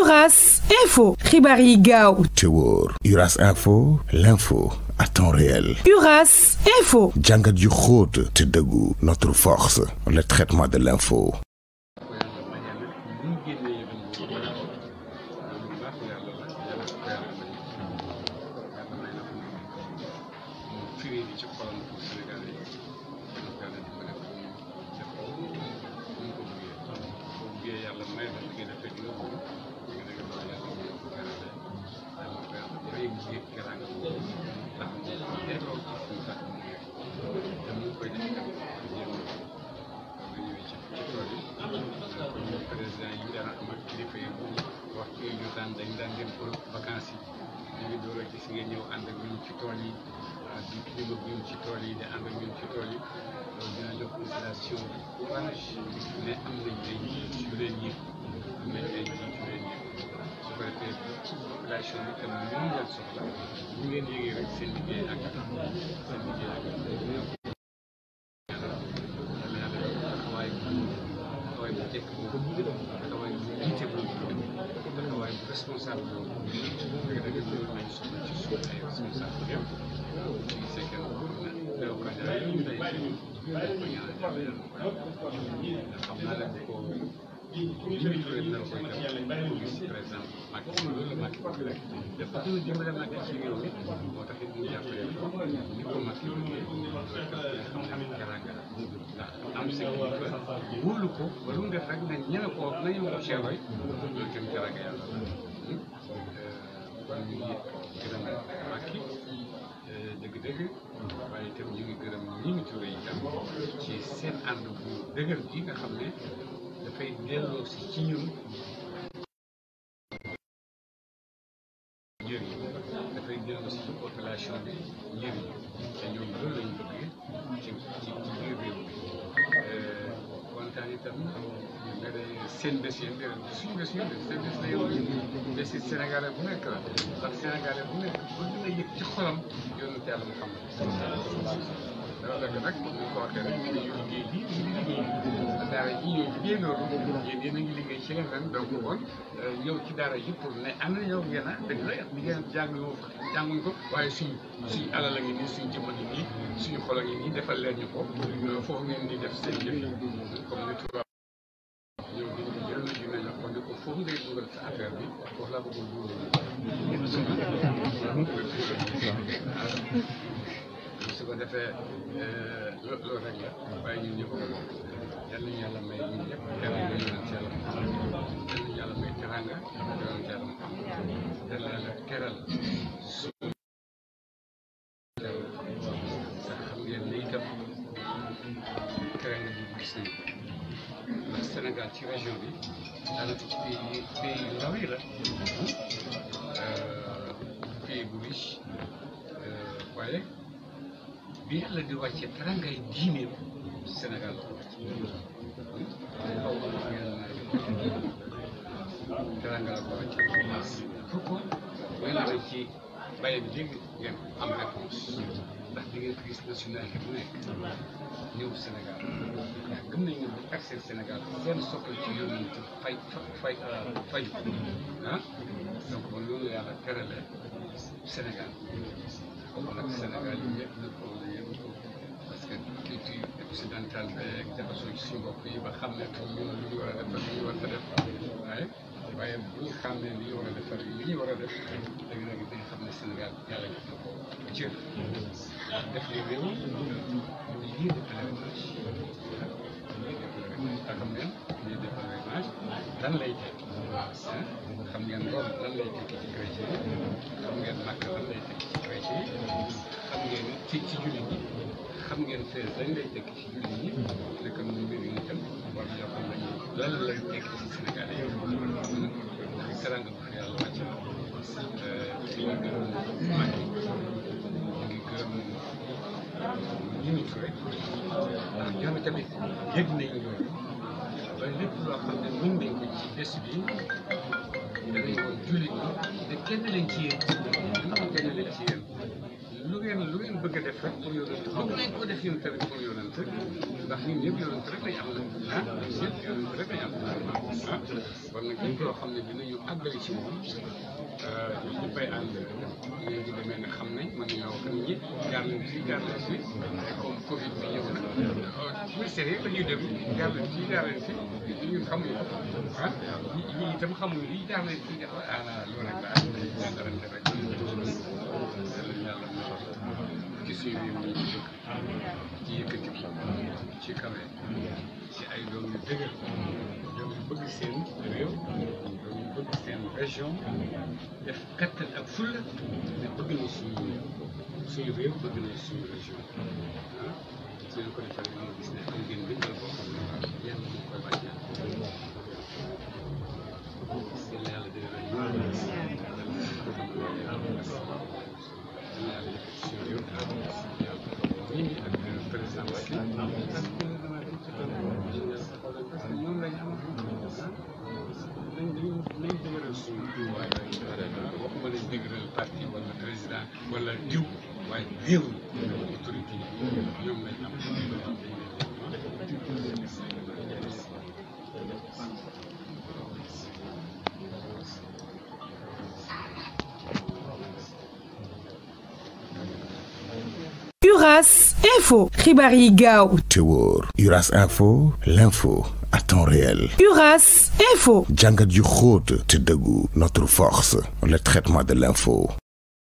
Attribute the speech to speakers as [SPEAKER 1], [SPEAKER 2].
[SPEAKER 1] Uras Info. Ribari Gao. Uras Info. L'info à temps réel. Uras Info. Djangadjou te Notre force. Le traitement de l'info. ànd ak ci tool yi di climat bi ñun ci tool yi di ànd ci tool yi loolu dina jox population bi courage ne am nañ ay njiit yu leen yëg am nañ ay njiit yu leen yëg su ko soxla ñu ngeen yëgee rek seen ak seen liggéey ak responsável pelo movimento, o grande movimento estudantil é responsável por ele. Quem sei que é, né? é o Leo Calhaim, da Engenharia da Beira, da Famada ficou microempreendedor, por vice-presidente, Maximiliano Maximiliano, da Partido de Mulher Maximiliano, outra rede mundial, Nico Maximiliano, que era am sécurité wóolu ko ba lu mu def rek nañ ñeme ko nañu ko ceeroy loolu tam ca ragal yàlla kon hmm. hmm. eh, ñu ngi gërëm Macky eh, dëgg-dëgg hmm. waaye itam ñu ngi gërëm ñi ngi turé itam ci seen ànd bu dëgër gi nga xam ne dafay delloo si ci ñun dafay jël aussi population bi njëriñ te ñoom loolu lañ bëgg ci ci biir réew mi euh, kontaan itam nga ne seen bés yéen dé suñu bés ñun de seen bés la yow bés yi sénégalais bu nekk la ndax sénégalais bu nekk bëgg na yëg ci xolam yoonu te yàlla mu xam dana fekk nag comme ni ko waxee rek ñu liggéey bi liggéey daara liggéey loolu yéen a ngi liggéey ci leneen donc kon ñëw ci daara ji pour ne am na yow ngeen a dëgg la jàng jànguñ ko waaye suñ suñ alal a ngi nii suñ jëmm a ngi nii suñu xol ngi nii defal leen ñu ko foofu ngeen di def seen jëf comme ni ñu jël na junne la ko ne ko ko defee loolu rek la waaye ñun ñëpp yal nañu yàlla may ñun ñëpp yal nañu yonent yàlla yal nañu yàlla may teranga yonent yàlla yal na la teral suñu sax xam ngeen ne itam teranga bi gis nañu ndax Sénégal ci région bi daanaka ci pays pays yu ndaw yi la pays bu riche waaye alla di wacce taranga e diine Senegal taranga ci bàyyi ji ngeen am réponse ndax da ngeen gis nationalité bu nekk ñëw Sénégal ndax gëm nañu ne bu accès Sénégal seen soxla ci yoon yi fay fay faju ah donc man loolu yàlla terale Sénégal kooku nag Sénégal yi ñëpp na ko yëpp parce que culture occidentale beeg jaxasoo ci suñu bopp yi ba xam ne ñun lu ñu war a def ak lu ñu war a def waaye waaye bu ñu xam ne li ñu war a def li ñu war a def léegi nag xam ne Sénégal yàlla def na ko cër def li réew lii de pèlerinage lii de pèlerinage taxam ngeen lii de pèlerinage lan lay tekki xam ngeen loolu lan lay tekki ci chrétien xam ngeen Makka lan lay tekki ci chrétien xam ngeen ci ci jullit yi xam ngeen seize dañ lay tekki ci jullit yi nekk na mbir yi itam war na xam ne lan lay tekki ci Sénégal yi teranga bu fi yàlla wàcc na euh, di ñu gërëm Macky di gërëm Mimi Touré ndax ñoom tamit yëg nañ loolu ba lépp loo xam ne mën nañ ko ci bés bi danañ ko jullit yi te kenn lañ ci yéen kenn lañ ci yéen lu ngeen lu ngeen bëgg a def rek pour yonent bëgg nañ ko def yéen tamit pour yonent ndax ñun ñëpp yonent rek lañ am na ah ñëpp yonent rek lañ am na ah kon nag lépp loo xam ne dinañu àggali ci moom euh, ñu koy ànd ñu ngi demee ne xam nañ mën nañoo wax nit ñi jaar nañ fii jaar nañ fii comme Covid bi ñëw na euh, ministère yi la ñuy dem jaar nañ fii jaar nañ fii ñun xamuñu ah ñi itam xamuñu lii jaar nañ fii ah loolu rek la ah se भी ये के किस्म ci kawe ci ay doom yu dëgër doom yu bëgg seen réew doom yu bëgg seen région Uras Info Ribari Gao Uras Info l'info à temps réel Uras Info Django du te notre force le traitement de l'info